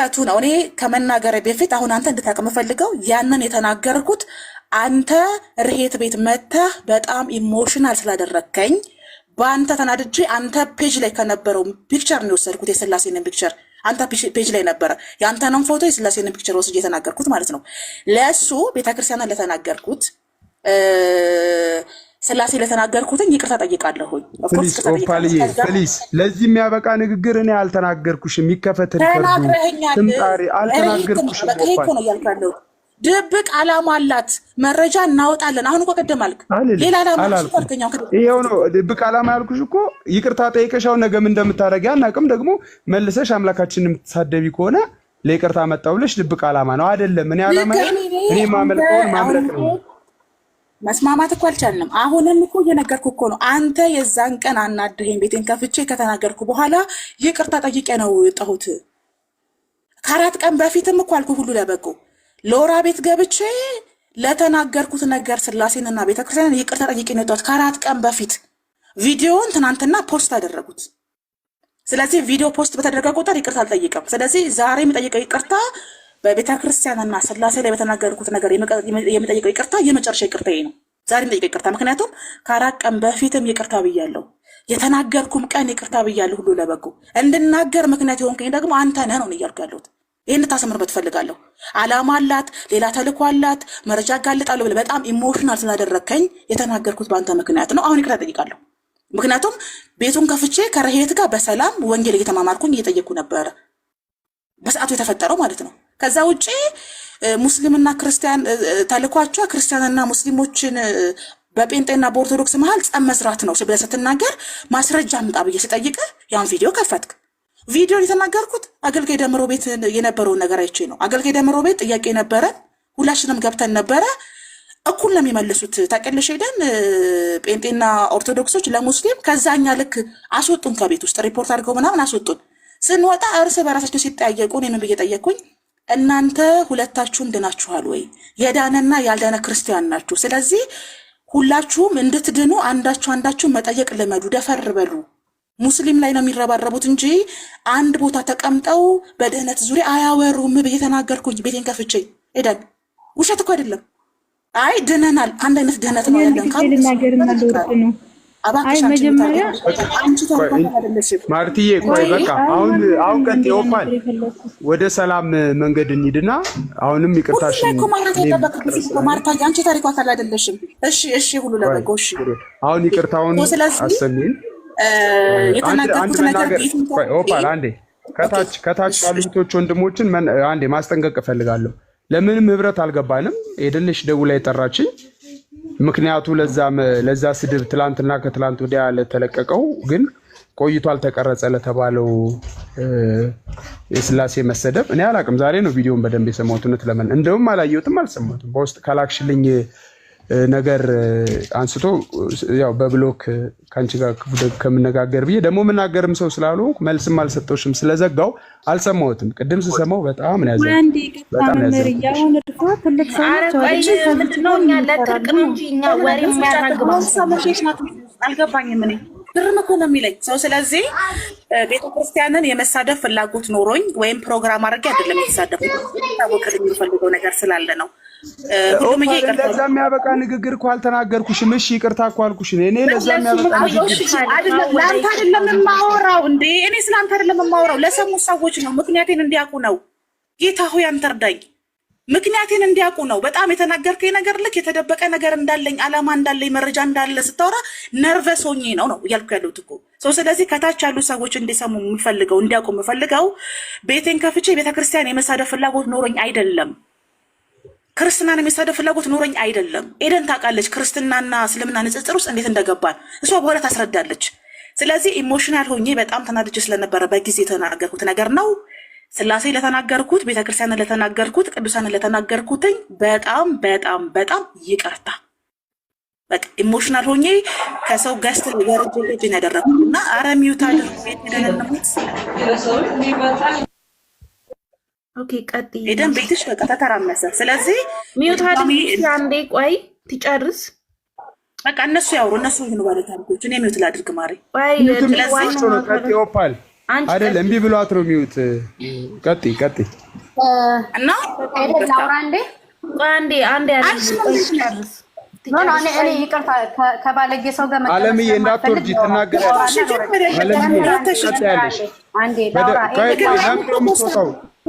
እውቀቱ ነው። እኔ ከመናገር በፊት አሁን አንተ እንድታቅ የምፈልገው ያንን የተናገርኩት አንተ ርሄት ቤት መተህ በጣም ኢሞሽናል ስላደረከኝ በአንተ ተናድጄ አንተ ፔጅ ላይ ከነበረው ፒክቸር ነው የወሰድኩት። የስላሴን ፒክቸር አንተ ፔጅ ላይ ነበረ የአንተንም ፎቶ የስላሴን ፒክቸር ወስጄ የተናገርኩት ማለት ነው። ለእሱ ቤተክርስቲያንን ለተናገርኩት ስላሴ ለተናገርኩትኝ ይቅርታ ጠይቃለሁኝ። ፕሊስ ለዚህ የሚያበቃ ንግግር እኔ አልተናገርኩሽም። ይከፈትል ትምጣሪ አልተናገርኩሽም ነው እያልካለሁ። ድብቅ አላማ አላት። መረጃ እናወጣለን። አሁን እኮ ቅድም አልክ ሌላ ይኸው ነው ድብቅ አላማ ያልኩሽ እኮ ይቅርታ ጠይቀሽ አሁን ነገ ምን እንደምታደርጊ አናውቅም። ደግሞ መልሰሽ አምላካችን የምትሳደቢ ከሆነ ለይቅርታ መጣሁ ድብቅ አላማ ነው አይደለም። እኔ አላማ እኔ ማመልከውን ማምለክ ነው መስማማት እኮ አልቻልንም። አሁንም እኮ እየነገርኩ እኮ ነው። አንተ የዛን ቀን አናድህን ቤቴን ከፍቼ ከተናገርኩ በኋላ ይቅርታ ጠይቄ ነው የወጣሁት። ከአራት ቀን በፊትም እኮ አልኩ ሁሉ ለበጎ ለወራ ቤት ገብቼ ለተናገርኩት ነገር ስላሴንና ቤተክርስቲያን ይቅርታ ጠይቄ ነው የወጣሁት። ከአራት ቀን በፊት ቪዲዮውን ትናንትና ፖስት አደረጉት። ስለዚህ ቪዲዮ ፖስት በተደረገ ቁጥር ይቅርታ አልጠይቅም። ስለዚህ ዛሬ የሚጠይቀው ይቅርታ በቤተ ክርስቲያንና ስላሴ ላይ በተናገርኩት ነገር የሚጠይቀው ይቅርታ የመጨረሻ ይቅርታ ነው። ዛሬ የሚጠይቀው ይቅርታ ምክንያቱም ከአራት ቀን በፊትም ይቅርታ ብያለሁ፣ የተናገርኩም ቀን ይቅርታ ብያለሁ። ሁሉ ለበጎ እንድናገር ምክንያት የሆንከኝ ደግሞ አንተ ነህ ነው እያልኩ ያለሁት። ይህን ታሰምርበት ፈልጋለሁ። አላማ አላት፣ ሌላ ተልኮ አላት፣ መረጃ አጋልጣለሁ ብለህ በጣም ኢሞሽናል ስላደረግከኝ የተናገርኩት በአንተ ምክንያት ነው። አሁን ይቅርታ ጠይቃለሁ። ምክንያቱም ቤቱን ከፍቼ ከረሄት ጋር በሰላም ወንጌል እየተማማርኩኝ እየጠየቅኩ ነበረ፣ በሰዓቱ የተፈጠረው ማለት ነው። ከዛ ውጭ ሙስሊምና ክርስቲያን ተልኳቸው ክርስቲያንና ሙስሊሞችን በጴንጤና በኦርቶዶክስ መሀል ጸብ መስራት ነው ብለህ ስትናገር ማስረጃ አምጣ ብዬ ያን ቪዲዮ ከፈትክ። ቪዲዮን የተናገርኩት አገልጋይ ደምሮ ቤት የነበረውን ነገር አይቼ ነው። አገልጋይ ደምሮ ቤት ጥያቄ ነበረ፣ ሁላችንም ገብተን ነበረ። እኩል ነው የሚመልሱት። ታውቂያለሽ ሄደን ጴንጤና ኦርቶዶክሶች ለሙስሊም ከዛኛ ልክ አስወጡን፣ ከቤት ውስጥ ሪፖርት አድርገው ምናምን አስወጡን። ስንወጣ እርስ በራሳቸው ሲጠያየቁ እኔ ምን ብዬ ጠየቅኩኝ? እናንተ ሁለታችሁ እንድናችኋል ወይ? የዳነና ያልዳነ ክርስቲያን ናችሁ። ስለዚህ ሁላችሁም እንድትድኑ አንዳችሁ አንዳችሁ መጠየቅ ልመዱ፣ ደፈር በሉ። ሙስሊም ላይ ነው የሚረባረቡት እንጂ አንድ ቦታ ተቀምጠው በድህነት ዙሪያ አያወሩም። ብዬ ተናገርኩኝ። ቤቴን ከፍቼ ሄደን ውሸት እኮ አይደለም። አይ ድነናል፣ አንድ አይነት ድህነት ነው ያለን ማርትዬ ቆይ በቃ አሁን አሁን ቀጥ ይወፋል። ወደ ሰላም መንገድ እንሂድና አሁንም ይቅርታሽ አሁን ይቅርታውን አሰሚን። አንዴ ከታች ከታች ያሉቶች ወንድሞችን አንዴ ማስጠንቀቅ እፈልጋለሁ። ለምንም ህብረት አልገባንም። የደለሽ ደውላ የጠራችኝ ምክንያቱ ለዛ ስድብ ትላንትና ከትላንት ወዲያ ለተለቀቀው ግን ቆይቶ አልተቀረጸ ለተባለው የስላሴ መሰደብ እኔ አላቅም። ዛሬ ነው ቪዲዮን በደንብ የሰማሁት። እውነት ለመን እንደውም አላየሁትም አልሰማሁትም። በውስጥ ካላክሽልኝ ነገር አንስቶ ያው በብሎክ ከአንቺ ጋር ከምነጋገር ብዬ ደግሞ የምናገርም ሰው ስላልሆንኩ መልስም አልሰጠሽም ስለዘጋው አልሰማሁትም። ቅድም ስሰማው በጣም ነው ያዘ በጣም ነው የሚለኝ ሰው። ስለዚህ ቤተክርስቲያንን የመሳደብ ፍላጎት ኖሮኝ ወይም ፕሮግራም አድርጌ አይደለም የተሳደፉ ታወቅልኝ የሚፈልገው ነገር ስላለ ነው። ለዛ የሚያበቃ ንግግር እኮ አልተናገርኩሽም። እሺ ይቅርታ እኮ አልኩሽን። እኔ ለዛ የሚያበቃ ለአንተ አይደለም የማወራው እንዴ እኔ ስለአንተ አይደለም የማወራው ለሰሙ ሰዎች ነው። ምክንያቴን እንዲያውቁ ነው። ጌታ ሆይ አንተ እርዳኝ። ምክንያቴን እንዲያውቁ ነው። በጣም የተናገርከኝ ነገር ልክ የተደበቀ ነገር እንዳለኝ አላማ እንዳለኝ መረጃ እንዳለ ስታወራ ነርቨስ ሆኜ ነው ነው እያልኩ ያለሁት እኮ ሰው። ስለዚህ ከታች ያሉ ሰዎች እንዲሰሙ የምፈልገው እንዲያውቁ የምፈልገው ቤቴን ከፍቼ ቤተክርስቲያን የመሳደብ ፍላጎት ኖሮኝ አይደለም። ክርስትናን የመሳደብ ፍላጎት ኑረኝ አይደለም። ኤደን ታውቃለች ክርስትናና እስልምና ንጽጽር ውስጥ እንዴት እንደገባን እሷ በኋላ ታስረዳለች። ስለዚህ ኢሞሽናል ሆኜ በጣም ተናድጄ ስለነበረ በጊዜ የተናገርኩት ነገር ነው። ስላሴ ለተናገርኩት፣ ቤተክርስቲያን ለተናገርኩት፣ ቅዱሳን ለተናገርኩትኝ በጣም በጣም በጣም ይቅርታ። በቃ ኢሞሽናል ሆኜ ከሰው ገስት ወርጅ ልጅ ያደረግኩት እና አረሚዩታ ሚዩት አድርጉ ኦኬ ቀጥ ኤደን ቤትሽ በቃ ተተራመሰ። ስለዚህ ሚዩት አንዴ ቆይ ትጨርስ። በቃ እነሱ ያውሩ፣ እነሱ ይሁኑ ባለ ታሪኮች። እኔ ሚዩት ላድርግ ማሪ። ስለዚህ ኦፓል አይደል እምቢ ብሏት ነው ሚዩት። ቀጥ ቀጥ እና አንዴ አንዴ አንዴ ጨርስ ይቅርታ ከባለጌ ሰው አለምዬ እንዳትወርጂ ትናገሪያለሽ። አለምዬ ቀጥይ ያለሽ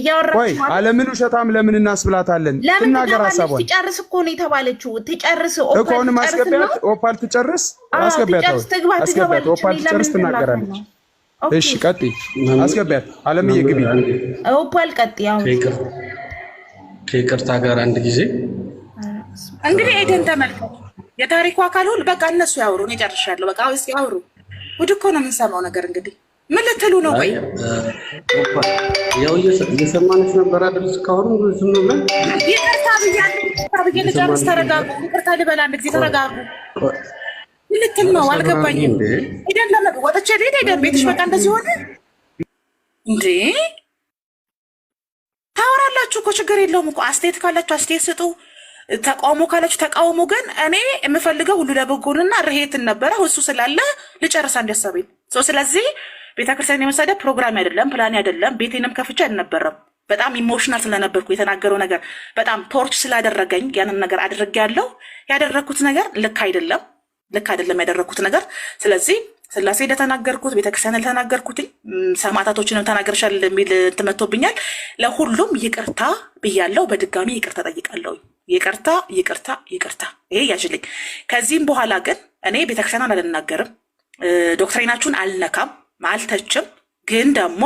እያወራች አለምን ውሸታም ለምን እናስብላታለን? ትናገር ሀሳቧን። ትጨርስ እኮ ነው የተባለችው። ትጨርስ እኮ አሁንም አስገቢያት። ኦፓል ትጨርስ፣ አስገቢያት፣ አስገቢያት። ኦፓል ትጨርስ፣ ትናገራለች። እሺ ቀጥይ፣ አስገቢያት። አለምዬ ግቢ፣ ኦፓል ቀጥይ። አሁን ከይቅርታ ጋር አንድ ጊዜ እንግዲህ ኤደን የታሪኩ አካል ሁሉ በቃ እነሱ ያውሩ። እኔ ጨርሻለሁ። በቃ እስኪ አውሩ። ውድ እኮ ነው የምንሰማው ነገር እንግዲህ ምን ልትሉ ነው? ቆይ ያው እየሰማንሽ ነበር አይደል? እስካሁን ዝም ብለን ይቅርታ ብያለሁ። ልጨርስ። ተረጋጉ። ይቅርታ ልበል አንድ ጊዜ ተረጋጉ። ምን ልትል ነው? አልገባኝም። አይደለም ወጥቼ ልሄድ አይደለም። ቤትሽ በቃ እንደዚህ ሆነ እንዴ? ታወራላችሁ እኮ ችግር የለውም እኮ። አስተያየት ካላችሁ አስተያየት ስጡ፣ ተቃውሞ ካላችሁ ተቃውሞ። ግን እኔ የምፈልገው ሁሉ ለበጎንና ርሄትን ነበረ እሱ ስላለ ልጨርስ አንድ ያሰበኝ ስለዚህ ቤተክርስቲያን የመሳደብ ፕሮግራም አይደለም፣ ፕላን አይደለም። ቤቴንም ከፍቼ አልነበረም። በጣም ኢሞሽናል ስለነበርኩ የተናገረው ነገር በጣም ቶርች ስላደረገኝ ያንን ነገር ያለው ያደረግኩት ነገር ልክ አይደለም፣ ልክ አይደለም ያደረግኩት ነገር። ስለዚህ ስላሴ እንደተናገርኩት ቤተክርስቲያን እንደተናገርኩት ሰማዕታቶችንም ተናገርሻል የሚል ትመቶብኛል። ለሁሉም ይቅርታ ብያለው፣ በድጋሚ ይቅርታ ጠይቃለሁ። ይቅርታ፣ ይቅርታ፣ ይቅርታ። ይሄ ያችልኝ። ከዚህም በኋላ ግን እኔ ቤተክርስቲያን አልናገርም፣ ዶክትሪናችሁን አልነካም አልተችም። ግን ደግሞ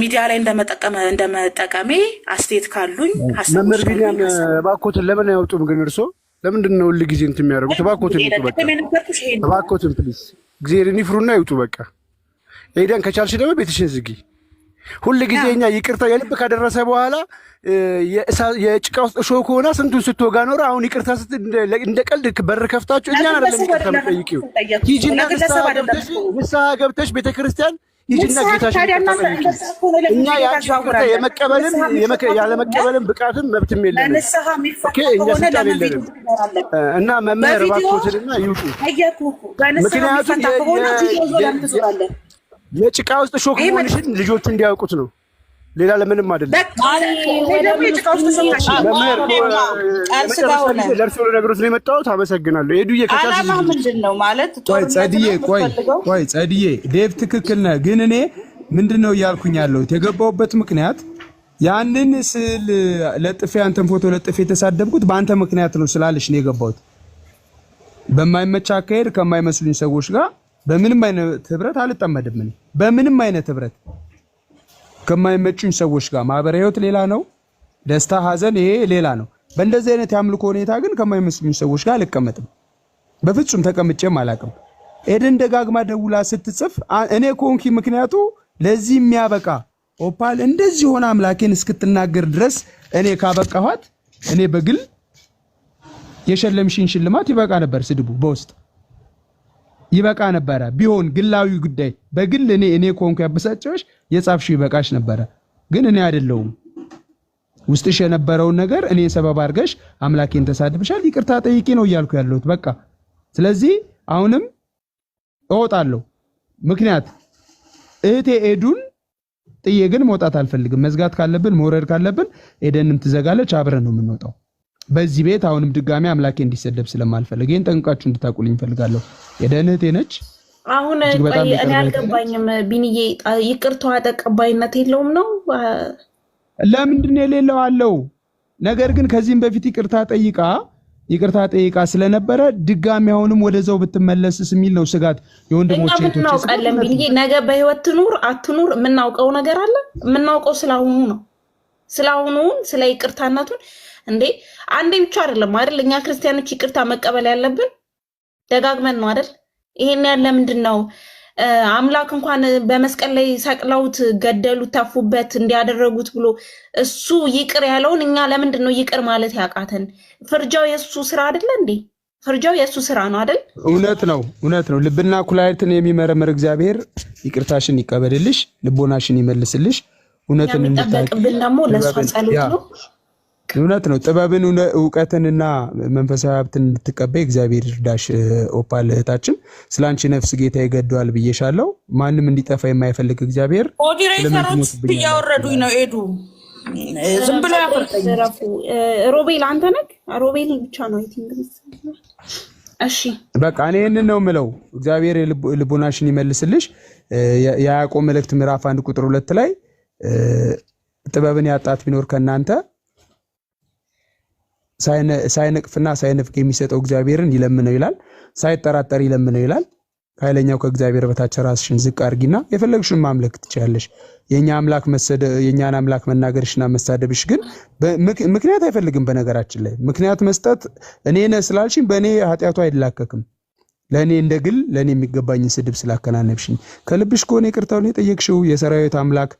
ሚዲያ ላይ እንደመጠቀሜ አስተያየት ካሉኝ መምህር ቢኒያም እባክዎትን ለምን አይወጡም? ግን እርስዎ ለምንድን ነው ሁል ጊዜ እንትን የሚያደርጉት? እባክዎትን ይውጡ፣ በቃ እባክዎትን ፕሊዝ፣ እግዜርን ይፍሩና ይውጡ። በቃ ኤደን ከቻልሽ ደግሞ ቤትሽን ዝጊ። ሁል ጊዜ እኛ ይቅርታ የልብ ካደረሰ በኋላ የጭቃ ውስጥ እሾህ ከሆነ ስንቱን ስትወጋ ኖረ። አሁን ይቅርታ እንደ ቀልድ በር ከፍታችሁ እኛን አይደለም ይቅርታ የምጠይቂው። ሂጂና ንስሐ ገብተሽ ቤተ ክርስቲያን ሂጂና ጌታሽ እኛ የአንቺ የመቀበልም ያለመቀበልም ብቃትም መብትም የለንም። እኛ ስልጣን የለንም እና መምህር እባክዎትን ይውጡ ምክንያቱም የጭቃ ውስጥ ሾክ መሆንሽን ልጆቹ እንዲያውቁት ነው። ሌላ ለምንም አይደለም። ለእርሶ ለነገሮት ነው የመጣሁት። አመሰግናለሁ። ሄዱዬ ጸድዬ፣ ቆይ ቆይ፣ ጸድዬ ዴቭ ትክክል ነህ፣ ግን እኔ ምንድን ነው እያልኩኝ ያለሁት የገባሁበት ምክንያት ያንን ስል ለጥፌ አንተን ፎቶ ለጥፌ የተሳደብኩት በአንተ ምክንያት ነው ስላለሽ ነው የገባሁት። በማይመች አካሄድ ከማይመስሉኝ ሰዎች ጋር በምንም አይነት ህብረት አልጠመድም። እኔ በምንም አይነት ህብረት ከማይመቹኝ ሰዎች ጋር ማህበራዊ ህይወት ሌላ ነው፣ ደስታ ሀዘን ይሄ ሌላ ነው። በእንደዚህ አይነት የአምልኮ ሁኔታ ግን ከማይመስሉኝ ሰዎች ጋር አልቀመጥም። በፍጹም ተቀምጬም አላቅም። ኤደን ደጋግማ ደውላ ስትጽፍ እኔ ኮንኪ ምክንያቱ ለዚህ የሚያበቃ ኦፓል እንደዚህ ሆነ አምላኬን እስክትናገር ድረስ እኔ ካበቃኋት እኔ በግል የሸለምሽን ሽልማት ይበቃ ነበር ስድቡ በውስጥ ይበቃ ነበረ። ቢሆን ግላዊ ጉዳይ በግል እኔ እኔ ኮንኩ ያበሳጨሽ የጻፍሽው ይበቃሽ ነበረ። ግን እኔ አይደለሁም ውስጥሽ የነበረውን ነገር እኔ ሰበብ አድርገሽ አምላኬን ተሳድብሻል፣ ይቅርታ ጠይቂ ነው እያልኩ ያለሁት በቃ። ስለዚህ አሁንም እወጣለሁ። ምክንያት እህቴ ኤዱን ጥዬ ግን መውጣት አልፈልግም። መዝጋት ካለብን መውረድ ካለብን ኤደንም ትዘጋለች፣ አብረን ነው የምንወጣው። በዚህ ቤት አሁንም ድጋሚ አምላኬ እንዲሰደብ ስለማልፈልግ ይህን ጠንቃችሁ እንድታቁልኝ እፈልጋለሁ። የደህንቴ ነች። አሁን እኔ አልገባኝም ቢንዬ፣ ይቅርታዋ ተቀባይነት የለውም ነው? ለምንድን የሌለው አለው። ነገር ግን ከዚህም በፊት ይቅርታ ጠይቃ ይቅርታ ጠይቃ ስለነበረ ድጋሚ አሁንም ወደዛው ብትመለስስ የሚል ነው ስጋት። የወንድሞች እናውቃለን ቢንዬ፣ ነገ በህይወት ትኑር አትኑር የምናውቀው ነገር አለ። የምናውቀው ስለአሁኑ ነው። ስለአሁኑን ስለ ይቅርታነቱን እንዴ አንዴ ብቻ አይደለም አይደል? እኛ ክርስቲያኖች ይቅርታ መቀበል ያለብን ደጋግመን ነው አይደል? ይሄን ያለ ምንድን ነው አምላክ እንኳን በመስቀል ላይ ሰቅለውት ገደሉት፣ ተፉበት፣ እንዲያደረጉት ብሎ እሱ ይቅር ያለውን እኛ ለምንድን ነው ይቅር ማለት ያቃተን? ፍርጃው የእሱ ስራ አይደለ እንዴ? ፍርጃው የእሱ ስራ ነው አይደል? እውነት ነው፣ እውነት ነው። ልብና ኩላሊትን የሚመረምር እግዚአብሔር ይቅርታሽን ይቀበልልሽ፣ ልቦናሽን ይመልስልሽ። እውነትን የሚጠበቅብን ደግሞ ለእሷ ጸሎት ነው። እውነት ነው። ጥበብን እውቀትንና መንፈሳዊ ሀብትን እንድትቀበይ እግዚአብሔር ይርዳሽ። ኦፓል እህታችን ስለ አንቺ ነፍስ ጌታ ይገደዋል ብዬሻለው። ማንም እንዲጠፋ የማይፈልግ እግዚአብሔር ኦዲሬተሮች እያወረዱኝ ነው። ኤዱ ዝም ብሎ ሮቤል፣ አንተ ነህ ሮቤል ብቻ ነው እሺ በቃ እኔ ይህንን ነው ምለው። እግዚአብሔር ልቦናሽን ይመልስልሽ። የያዕቆብ መልእክት ምዕራፍ አንድ ቁጥር ሁለት ላይ ጥበብን ያጣት ቢኖር ከእናንተ ሳይነቅፍና ሳይነፍቅ የሚሰጠው እግዚአብሔርን ይለምነው ይላል። ሳይጠራጠር ይለምነው ይላል። ከኃይለኛው ከእግዚአብሔር በታች ራስሽን ዝቅ አድርጊና የፈለግሽን ማምለክ ትችላለሽ። የእኛ አምላክ የእኛን አምላክ መናገርሽና መሳደብሽ ግን ምክንያት አይፈልግም። በነገራችን ላይ ምክንያት መስጠት እኔ ነህ ስላልሽኝ በእኔ ኃጢአቱ አይላከክም። ለእኔ እንደ ግል ለእኔ የሚገባኝን ስድብ ስላከናነብሽኝ ከልብሽ ከሆነ ይቅርታውን የጠየቅሽው የሰራዊት አምላክ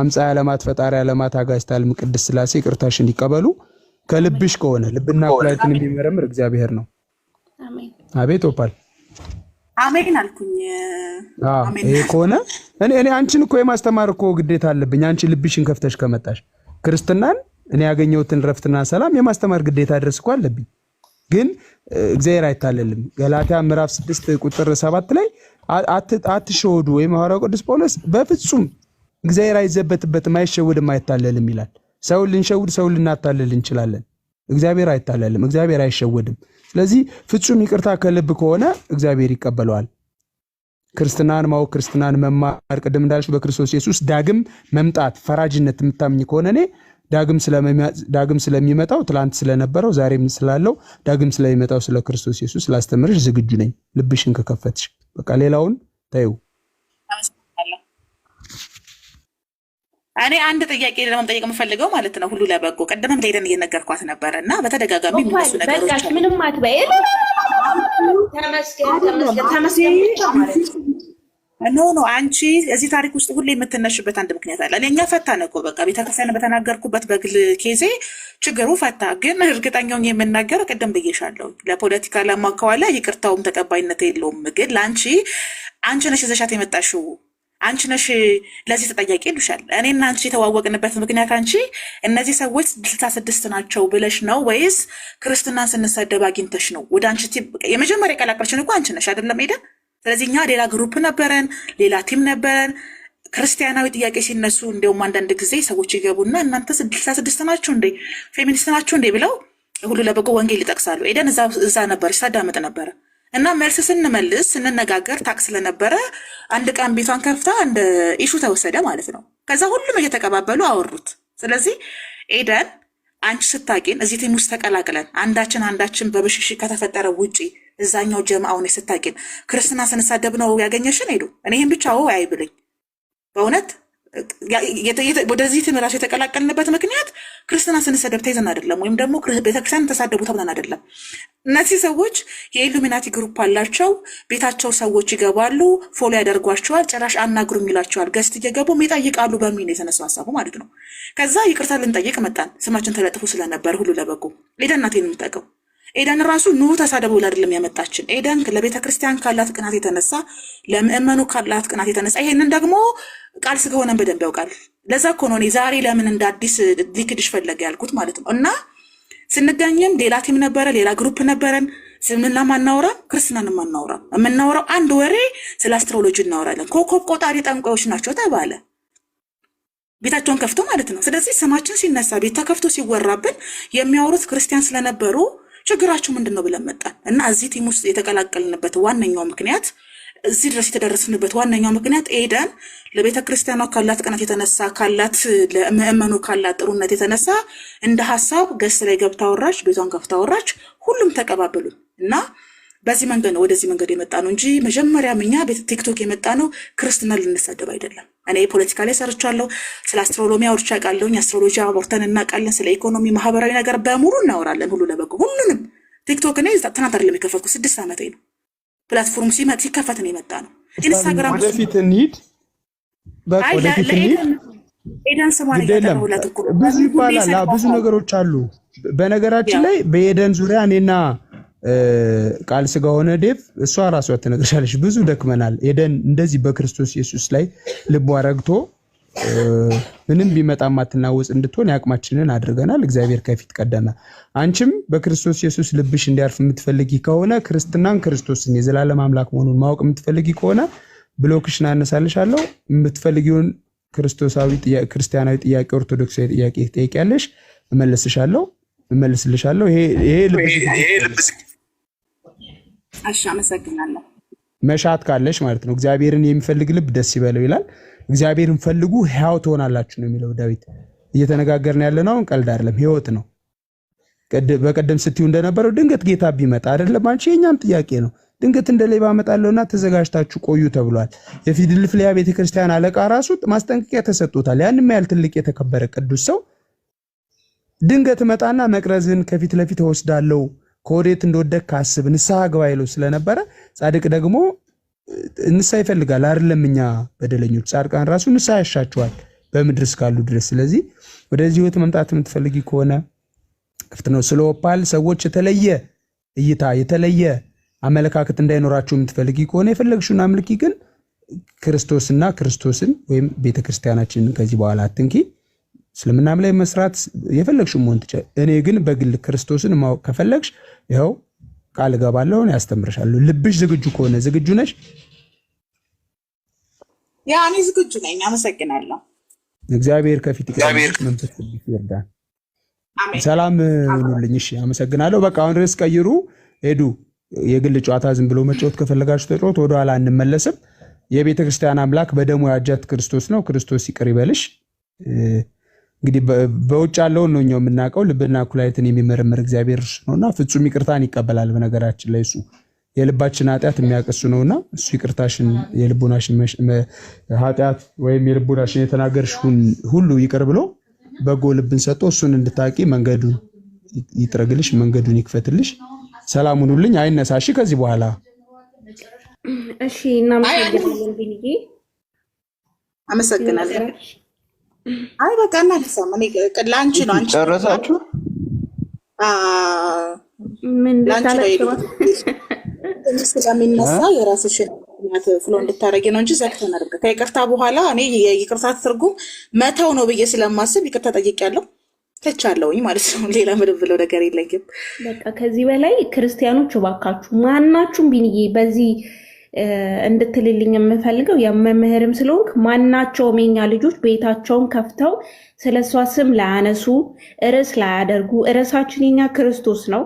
አምፃ ዓለማት ፈጣሪ ዓለማት አጋዕዝተ ዓለም ቅድስት ሥላሴ ይቅርታሽን ይቀበሉ። ከልብሽ ከሆነ ልብና ኩላሊትን የሚመረምር እግዚአብሔር ነው። አቤት ኦፓል አሜን አልኩኝ። ይሄ ከሆነ እኔ እኔ አንቺን እኮ የማስተማር እኮ ግዴታ አለብኝ። አንቺ ልብሽን ከፍተሽ ከመጣሽ ክርስትናን እኔ ያገኘሁትን ረፍትና ሰላም የማስተማር ግዴታ ድረስ እኮ አለብኝ። ግን እግዚአብሔር አይታለልም። ገላትያ ምዕራፍ ስድስት ቁጥር ሰባት ላይ አትሸወዱ ወይም ሐዋርያው ቅዱስ ጳውሎስ በፍጹም እግዚአብሔር አይዘበትበትም፣ አይሸወድም፣ አይታለልም ይላል። ሰውን ልንሸውድ ሰውን ልናታልል እንችላለን። እግዚአብሔር አይታለልም፣ እግዚአብሔር አይሸወድም። ስለዚህ ፍጹም ይቅርታ ከልብ ከሆነ እግዚአብሔር ይቀበለዋል። ክርስትናን ማወቅ፣ ክርስትናን መማር፣ ቅድም እንዳልሽ በክርስቶስ ኢየሱስ ዳግም መምጣት ፈራጅነት የምታምኝ ከሆነ እኔ ዳግም ስለሚመጣው ትላንት ስለነበረው ዛሬም ስላለው ዳግም ስለሚመጣው ስለ ክርስቶስ ኢየሱስ ላስተምርሽ ዝግጁ ነኝ። ልብሽን ከከፈትሽ በቃ ሌላውን ተይው። እኔ አንድ ጥያቄ ደግሞ ለመጠየቅ የምፈልገው ማለት ነው ሁሉ ለበጎ ቀደምም ሄደን እየነገርኳት ነበረ እና በተደጋጋሚ ሱ ነገሮች ምንም አትበይል። ኖ ኖ አንቺ እዚህ ታሪክ ውስጥ ሁሌ የምትነሽበት አንድ ምክንያት አለ። እኛ ፈታን እኮ በቃ ቤተክርስቲያን በተናገርኩበት በግል ኬዜ ችግሩ ፈታ። ግን እርግጠኛውን የምናገር ቅድም ብዬሻለሁ፣ ለፖለቲካ ዓላማ ይቅርታውም ተቀባይነት የለውም። ግን ለአንቺ አንቺ ነሽ ዘሻት የመጣሽው አንቺ ነሽ ለዚህ ተጠያቂ ይሉሻል። እኔና አንቺ የተዋወቅንበት ምክንያት አንቺ እነዚህ ሰዎች ስልሳ ስድስት ናቸው ብለሽ ነው ወይስ ክርስትናን ስንሰደብ አግኝተሽ ነው? ወደ አንቺ የመጀመሪያ የቀላቀለችን እኮ አንቺ ነሽ አይደለም ሄደ። ስለዚህ እኛ ሌላ ግሩፕ ነበረን፣ ሌላ ቲም ነበረን። ክርስቲያናዊ ጥያቄ ሲነሱ እንዲሁም አንዳንድ ጊዜ ሰዎች ይገቡና እናንተ ስልሳ ስድስት ናችሁ እንዴ ፌሚኒስት ናችሁ እንዴ ብለው ሁሉ ለበጎ ወንጌል ይጠቅሳሉ። ኤደን እዛ ነበር ሲታዳምጥ ነበረ እና መልስ ስንመልስ ስንነጋገር ታክስ ስለነበረ አንድ ቀን ቤቷን ከፍታ እንደ ኢሹ ተወሰደ ማለት ነው። ከዛ ሁሉም እየተቀባበሉ አወሩት። ስለዚህ ኤደን አንቺ ስታቂን እዚህ ቲም ውስጥ ተቀላቅለን አንዳችን አንዳችን በብሽሽ ከተፈጠረ ውጪ እዛኛው ጀምአውን ስታቂን ክርስትና ስንሳደብ ነው ያገኘሽን ሄዱ እኔህም ብቻ ብቻ አይብልኝ በእውነት ወደዚህ ትምህርት ራሱ የተቀላቀልንበት ምክንያት ክርስትና ስንሰደብ ተይዘን አይደለም፣ ወይም ደግሞ ቤተክርስቲያን ተሳደቡ ተብለን አይደለም። እነዚህ ሰዎች የኢሉሚናቲ ግሩፕ አላቸው። ቤታቸው ሰዎች ይገባሉ፣ ፎሎ ያደርጓቸዋል፣ ጭራሽ አናግሩም ይላቸዋል። ገስት እየገቡ ይጠይቃሉ በሚል የተነሱ ሀሳቡ ማለት ነው። ከዛ ይቅርታ ልንጠይቅ መጣን። ስማችን ተለጥፎ ስለነበር ሁሉ ለበጎ ሌደናቴን የምንጠቀው ኤደን ራሱ ኑ ተሳደቡ ብላ አይደለም ያመጣችን። ኤደን ለቤተ ክርስቲያን ካላት ቅናት የተነሳ ለምእመኑ ካላት ቅናት የተነሳ ይሄንን ደግሞ ቃል ስለሆነን በደንብ ያውቃል። ለዛ እኮ ነው እኔ ዛሬ ለምን እንደ አዲስ ሊክድሽ ፈለገ ያልኩት ማለት ነው። እና ስንገኝም ሌላ ቲም ነበረ፣ ሌላ ግሩፕ ነበረን። ስምና ማናወራ ክርስትናን ማናወራ የምናወራው አንድ ወሬ ስለ አስትሮሎጂ እናወራለን። ኮከብ ቆጣሪ ጠንቋዮች ናቸው ተባለ ቤታቸውን ከፍቶ ማለት ነው። ስለዚህ ስማችን ሲነሳ ቤት ተከፍቶ ሲወራብን የሚያወሩት ክርስቲያን ስለነበሩ ችግራችሁ ምንድን ነው ብለን መጣን እና እዚህ ቲም ውስጥ የተቀላቀልንበት ዋነኛው ምክንያት እዚህ ድረስ የተደረስንበት ዋነኛው ምክንያት ኤደን ለቤተ ክርስቲያኗ ካላት ቀናት የተነሳ ካላት ለምእመኑ ካላት ጥሩነት የተነሳ እንደ ሀሳብ ገስ ላይ ገብታ ወራች፣ ቤቷን ከፍታ ወራች። ሁሉም ተቀባበሉ እና በዚህ መንገድ ነው ወደዚህ መንገድ የመጣ ነው እንጂ መጀመሪያም እኛ ቲክቶክ የመጣ ነው ክርስትና ልንሳደብ አይደለም። እኔ ፖለቲካ ላይ ሰርቻለሁ። ስለ አስትሮኖሚ አውርቼ አውቃለሁኝ። አስትሮሎጂ አውርተን እናውቃለን። ስለ ኢኮኖሚ፣ ማህበራዊ ነገር በሙሉ እናወራለን። ሁሉ ለበጎ ሁሉንም ቲክቶክ እኔ ትናንት አይደለም የከፈትኩት፣ ስድስት ዓመቴ ነው። ፕላትፎርም ሲከፈት ነው የመጣ ነው። ኢንስታግራም ወደፊት እንሂድ፣ ወደፊት እንሂድ። ኤደን ስሟን ብዙ ይባላል፣ ብዙ ነገሮች አሉ። በነገራችን ላይ በኤደን ዙሪያ እኔና ቃል ስጋ ሆነ ዴቭ እሷ ራሷ ትነግርሻለች። ብዙ ደክመናል ሄደን እንደዚህ በክርስቶስ ኢየሱስ ላይ ልቧ ረግቶ ምንም ቢመጣ ማትናወጽ እንድትሆን የአቅማችንን አድርገናል። እግዚአብሔር ከፊት ቀደመ። አንቺም በክርስቶስ ኢየሱስ ልብሽ እንዲያርፍ የምትፈልጊ ከሆነ ክርስትናን ክርስቶስን የዘላለም አምላክ መሆኑን ማወቅ የምትፈልጊ ከሆነ ብሎክሽን አነሳልሻለሁ። የምትፈልጊውን ክርስቶሳዊ ክርስቲያናዊ ጥያቄ፣ ኦርቶዶክሳዊ ጥያቄ ትጠይቂያለሽ፣ እመልስሻለሁ እመልስልሻለሁ። ይሄ ልብሽ እሺ፣ አመሰግናለሁ። መሻት ካለሽ ማለት ነው። እግዚአብሔርን የሚፈልግ ልብ ደስ ይበለው ይላል። እግዚአብሔርን ፈልጉ ህያው ትሆናላችሁ ነው የሚለው ዳዊት። እየተነጋገርን ያለ ነው፣ ቀልድ አይደለም፣ ህይወት ነው። በቀደም ስትዩ እንደነበረው ድንገት ጌታ ቢመጣ አይደለም አንቺ፣ የኛም ጥያቄ ነው። ድንገት እንደ ሌባ እመጣለሁና ተዘጋጅታችሁ ቆዩ ተብሏል። የፊልድልፍልያ ቤተክርስቲያን አለቃ ራሱ ማስጠንቀቂያ ተሰጥቶታል። ያንም ያህል ትልቅ የተከበረ ቅዱስ ሰው ድንገት እመጣና መቅረዝን ከፊት ለፊት እወስዳለሁ ከወዴት እንደወደቅ ካስብ ንስሐ ግባ ይለው ስለነበረ ጻድቅ ደግሞ ንስሐ ይፈልጋል አይደለም? እኛ በደለኞች ጻድቃን ራሱ ንስሐ ያሻቸዋል በምድር እስካሉ ድረስ። ስለዚህ ወደዚህ ህይወት መምጣት የምትፈልጊ ከሆነ ክፍት ነው። ስለ ኦፓል ሰዎች የተለየ እይታ የተለየ አመለካከት እንዳይኖራቸው የምትፈልጊ ከሆነ የፈለግሽውን አምልኪ፣ ግን ክርስቶስና ክርስቶስን ወይም ቤተክርስቲያናችንን ከዚህ በኋላ አትንኪ። እስልምናም ላይ መስራት የፈለግሽ መሆን ትችያለሽ። እኔ ግን በግል ክርስቶስን ማወቅ ከፈለግሽ ይኸው ቃል እገባለሁ፣ ያስተምርሻለሁ። ልብሽ ዝግጁ ከሆነ ዝግጁ ነሽ? ያ እኔ ዝግጁ ነኝ። አመሰግናለሁ። እግዚአብሔር ከፊት እግዚአብሔር መንፈስ ቅዱስ ይርዳን። ሰላም ሁኑልኝ። እሺ፣ አመሰግናለሁ። በቃ አሁን ርዕስ ቀይሩ ሄዱ። የግል ጨዋታ ዝም ብሎ መጫወት ከፈለጋችሁ ተጫወት፣ ወደኋላ እንመለስም። የቤተ ክርስቲያን አምላክ በደሙ ያጃት ክርስቶስ ነው። ክርስቶስ ይቅር ይበልሽ። እንግዲህ በውጭ ያለውን ነው እኛው የምናውቀው። ልብና ኩላሊትን የሚመረምር እግዚአብሔር እሱ ነውና ፍጹም ይቅርታን ይቀበላል። በነገራችን ላይ እሱ የልባችን ኃጢአት የሚያውቅ የሚያቀሱ ነውና እሱ ይቅርታሽን የልቡናሽን ኃጢአት ወይም የልቡናሽን የተናገርሽ ሁሉ ይቅር ብሎ በጎ ልብን ሰጥቶ እሱን እንድታቂ መንገዱን ይጥረግልሽ፣ መንገዱን ይክፈትልሽ። ሰላሙን ሁልኝ አይነሳሽ ከዚህ በኋላ እሺ። እናመሰግናለን ብዬ አመሰግናለን። አይ በቃ እናነሳም። ለአንቺ ነው አንቺ ጨረሳችሁ። ስለሚነሳ የራስሽን ምክንያት ፍሎ እንድታደረጊ ነው እንጂ ዘግተን አድርገ ከይቅርታ በኋላ እኔ የይቅርታ ትርጉም መተው ነው ብዬ ስለማስብ ይቅርታ ጠይቅ ጠይቄያለሁ። ተቻለውኝ ማለት ነው። ሌላ ምንም ብለው ነገር የለኝም። በቃ ከዚህ በላይ ክርስቲያኖች እባካችሁ ማናችሁም ቢንዬ በዚህ እንድትልልኝ የምፈልገው የመምህርም ስለሆንክ ማናቸውም የኛ ልጆች ቤታቸውን ከፍተው ስለ እሷ ስም ላያነሱ፣ ርዕስ ላያደርጉ። ርዕሳችን የኛ ክርስቶስ ነው።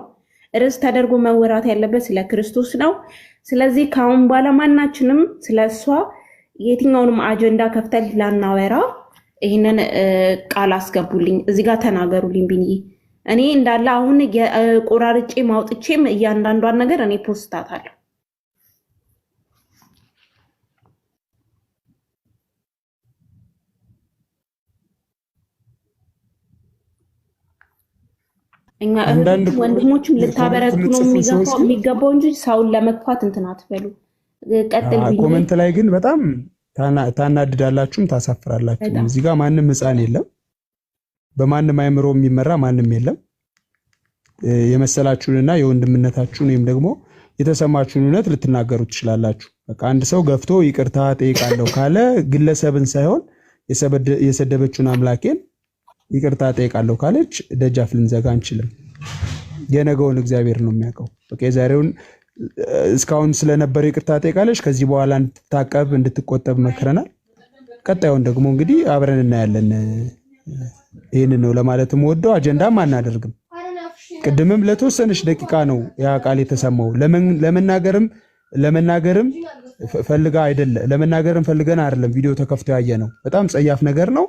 ርዕስ ተደርጎ መወራት ያለበት ስለ ክርስቶስ ነው። ስለዚህ ከአሁን በኋላ ማናችንም ስለ እሷ የትኛውንም አጀንዳ ከፍተል ላናወራ፣ ይህንን ቃል አስገቡልኝ፣ እዚህ ጋር ተናገሩልኝ ብዬ እኔ እንዳለ አሁን ቆራርጬ ማውጥቼም እያንዳንዷን ነገር እኔ ፖስታታለሁ። ወንድሞችም ልታበረቱ ነው የሚገባው እንጂ ሰውን ለመግፋት እንትን አትበሉ። ቀጥል። ኮመንት ላይ ግን በጣም ታናድዳላችሁም ታሳፍራላችሁ። እዚህ ጋር ማንም ህፃን የለም። በማንም አይምሮ የሚመራ ማንም የለም። የመሰላችሁንና የወንድምነታችሁን ወይም ደግሞ የተሰማችሁን እውነት ልትናገሩ ትችላላችሁ። በቃ አንድ ሰው ገፍቶ ይቅርታ ጠይቃለሁ ካለ ግለሰብን ሳይሆን የሰደበችውን አምላኬን ይቅርታ ጠይቃለሁ ካለች ደጃፍ ልንዘጋ አንችልም። የነገውን እግዚአብሔር ነው የሚያውቀው። በቃ የዛሬውን እስካሁን ስለነበረው ይቅርታ ጠይቃለች። ከዚህ በኋላ እንድታቀብ እንድትቆጠብ መክረናል። ቀጣዩን ደግሞ እንግዲህ አብረን እናያለን። ይህንን ነው ለማለት ወደው አጀንዳም አናደርግም። ቅድምም ለተወሰነች ደቂቃ ነው ያ ቃል የተሰማው ለመናገርም ለመናገርም ፈልጋ አይደለ ለመናገርን ፈልገን አይደለም። ቪዲዮ ተከፍቶ ያየ ነው። በጣም ጸያፍ ነገር ነው።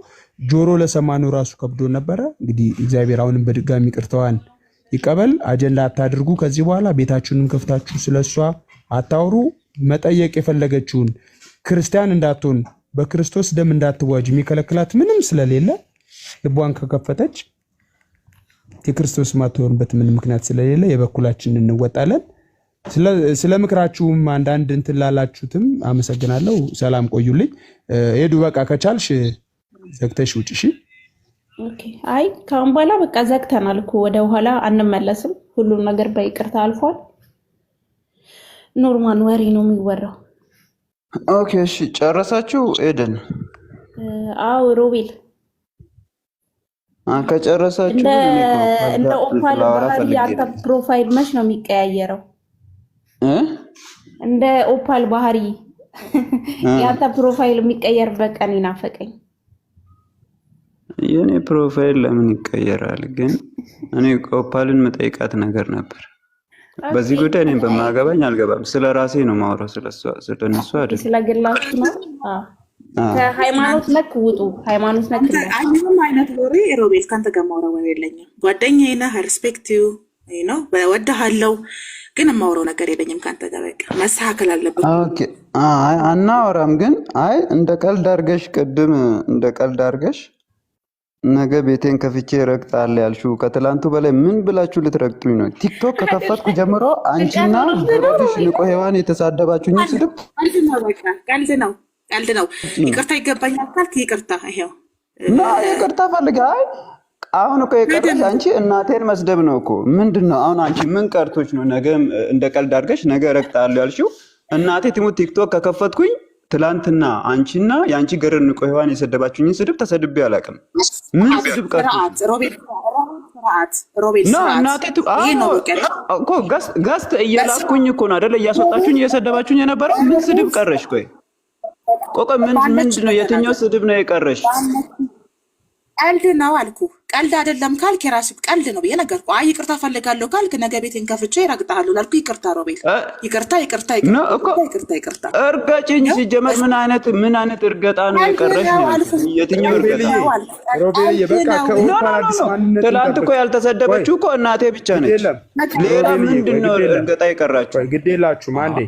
ጆሮ ለሰማኑ ራሱ ከብዶ ነበረ። እንግዲህ እግዚአብሔር አሁንም በድጋሚ ቅርተዋን ይቀበል። አጀንዳ አታድርጉ ከዚህ በኋላ ቤታችሁንም ከፍታችሁ ስለሷ አታውሩ። መጠየቅ የፈለገችውን ክርስቲያን እንዳትሆን በክርስቶስ ደም እንዳትዋጅ የሚከለክላት ምንም ስለሌለ ልቧን ከከፈተች የክርስቶስ ማትሆንበት ምን ምክንያት ስለሌለ የበኩላችን እንወጣለን። ስለ ምክራችሁም አንዳንድ እንትን ላላችሁትም አመሰግናለሁ። ሰላም ቆዩልኝ። ሄዱ በቃ ከቻልሽ ዘግተሽ ውጭ። እሺ አይ ከአሁን በኋላ በቃ ዘግተናል እኮ ወደ ኋላ አንመለስም። ሁሉም ነገር በይቅርታ አልፏል። ኖርማን ወሬ ነው የሚወራው። ኦኬ እሺ ጨረሳችሁ? ኤደን አው ሮቤል ከጨረሳችሁ እንደ ኦፓል ባህሪ ያንተ ፕሮፋይል መች ነው የሚቀያየረው? እንደ ኦፓል ባህሪ ያንተ ፕሮፋይል የሚቀየርበት ቀን ይናፈቀኝ። የእኔ ፕሮፋይል ለምን ይቀየራል? ግን እኔ ኦፓልን መጠይቃት ነገር ነበር። በዚህ ጉዳይ እኔ በማገባኝ አልገባም። ስለ ራሴ ነው ማውረው፣ ስለ እነሱ አይደለም። ነው። ከሃይማኖት ነክ ውጡ። ሃይማኖት ነክ አይነት ወሬ ሮቤት ከአንተ ጋር ማውራ የለኝም። ጓደኛዬ ነህ። ሪስፔክት ዩ ነው ወድሃለው፣ ግን የማውረው ነገር የለኝም ከአንተ ጋር በቃ መስተካከል አለበት። አናወራም ግን አይ እንደ ቀልድ አድርገሽ ቅድም እንደ ቀልድ አድርገሽ ነገ ቤቴን ከፍቼ ረግጣለሁ ያልሹ ከትላንቱ በላይ ምን ብላችሁ ልትረግጡኝ ነው? ቲክቶክ ከከፈትኩ ጀምሮ አንቺና ብሮሽ ንቆ ሔዋን የተሳደባችሁኝ ስድብ ቀልድ ነው፣ ቀልድ ነው። ይቅርታ ይገባኛል ካልክ ይቅርታ ይኸው ይቅርታ ፈልግ አይ አሁን እኮ የቀረሽ አንቺ እናቴን መስደብ ነው እኮ። ምንድን ነው አሁን አንቺ ምን ቀርቶች ነው? ነገም እንደ ቀልድ አድርገሽ ነገ ረግጣለሁ ያልሽው እናቴ ትሙት። ቲክቶክ ከከፈትኩኝ ትላንትና አንቺና የአንቺ ገረን ንቆ ህዋን የሰደባችሁኝን ስድብ ተሰድቤ አላውቅም። ምን ስድብ ቀርቶች ጋስት እየላኩኝ እኮ ነው አደለ? እያስወጣችሁኝ እየሰደባችሁኝ የነበረው ምን ስድብ ቀረሽ? ቆይ ቆቆ ምንድን ነው የትኛው ስድብ ነው የቀረሽ? ቀልድ ነው አልኩ ቀልድ አይደለም ካልክ የራስ ቀልድ ነው ብዬ ነገርኩህ። አይ ይቅርታ ፈልጋለሁ ካልክ ነገ ቤቴን ከፍቼ ይረግጣሉ ላልኩ ይቅርታ ሮቤል፣ ይቅርታ ይቅርታ ይቅርታ ይቅርታ። እርገጭኝ ሲጀመር ምን አይነት ምን አይነት እርገጣ ነው የቀረሽ? የትኛው እርገጣ? ትላንት እኮ ያልተሰደበችው እኮ እናቴ ብቻ ነች። ሌላ ምንድን ነው እርገጣ የቀራችሁ? ግድ አንዴ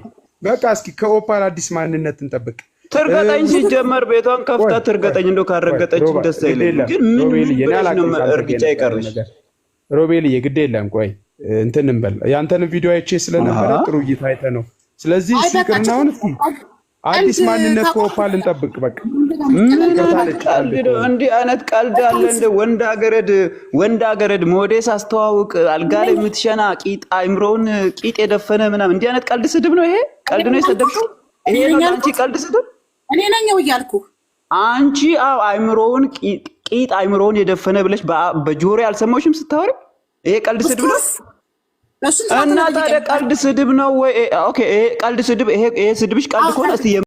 በቃ እስኪ ከኦፓል አዲስ ማንነት እንጠብቅ። ትርገጠኝ ሲጀመር ቤቷን ከፍታ ትርገጠኝ። እንደው ካረገጠች ደስ አይለኝ። ግን እርግጫ ይቀርሽ? ሮቤልዬ ግድ የለም ቆይ እንትን እንበል። ያንተን ቪዲዮ አይቼ ስለነበረ ጥሩ እይታ አይተ ነው። ስለዚህ ሲቅርናውን አዲስ ማንነት ከወፋ ልንጠብቅ። በቃ እንዲህ አይነት ቀልድ አለ እንደ ወንድ አገረድ ወንድ አገረድ ሞዴስ አስተዋውቅ አልጋ ላይ የምትሸና ቂጥ አይምሮውን ቂጥ የደፈነ ምናምን እንዲህ አይነት ቀልድ ስድብ ነው ይሄ። ቀልድ ነው የሰደብከው ይሄ ነው አንቺ ቀልድ ስድብ እኔ ነኝ እያልኩ አንቺ አው አይምሮውን ቂጥ አይምሮውን የደፈነ ብለሽ በጆሮ ያልሰማሽም ስታወሪ ይሄ ቀልድ ስድብ ነው እና ታዲያ ቀልድ ስድብ ነው ወይ? ኦኬ ይሄ ቀልድ ስድብ ይሄ ስድብሽ ቀልድ ከሆነ እስቲ